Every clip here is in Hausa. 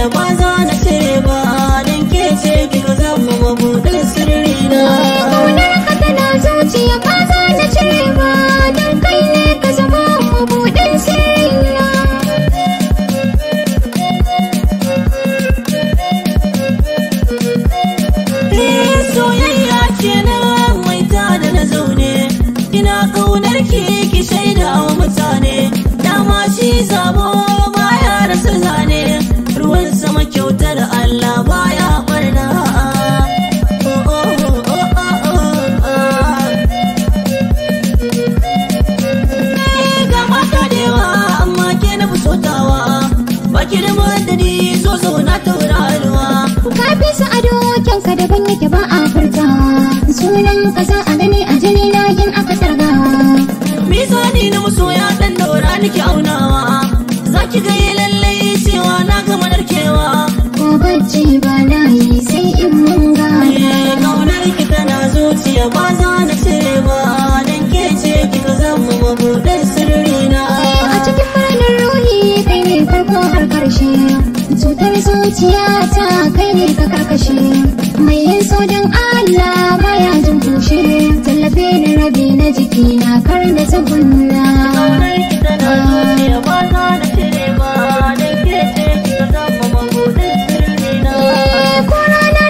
da ba za na cire ba don ke ce sirri na. Eh, da ba za cire ba don kai zama sirri na. Soyayya na zaune, ina ki shaida wa mutane, dama shi zabo bautar Allah baya barna Baki eh, da madadi zo zauna taurarwa. Ka fi su ado kyanka daban yake ba a furtawa. Sunan kasa a gani a jini na yin aka targawa. Mizani na masoya ɗan daura nake auna. da ba za na ce ba dan ke ce ka zama mabuɗin sirri na a cikin ranar ruhi kai ne farko har karshe cutar zuciya ta kai ne ka karkashe mai yin so dan Allah baya jin kushe tallafe na rabi na jiki na kar eh,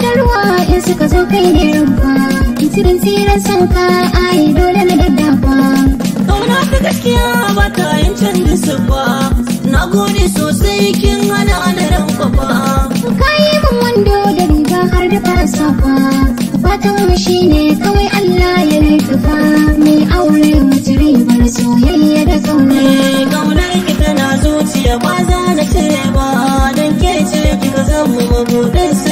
da ruwa in suka zo kai ne rumfa shirin tsiran son ka yi dole na daddafa kauna ta gaskiya ba ta yin su ba. na gode sosai kin hana da ran ba. ka yi min wando da riga har da fara safa fatan mu shine kawai Allah ya ba. mai aure mace rai bar soyayya da kauna eh, kaunar ki tana zuciya ba za na ce ba Don ke ce kika zama mabuɗin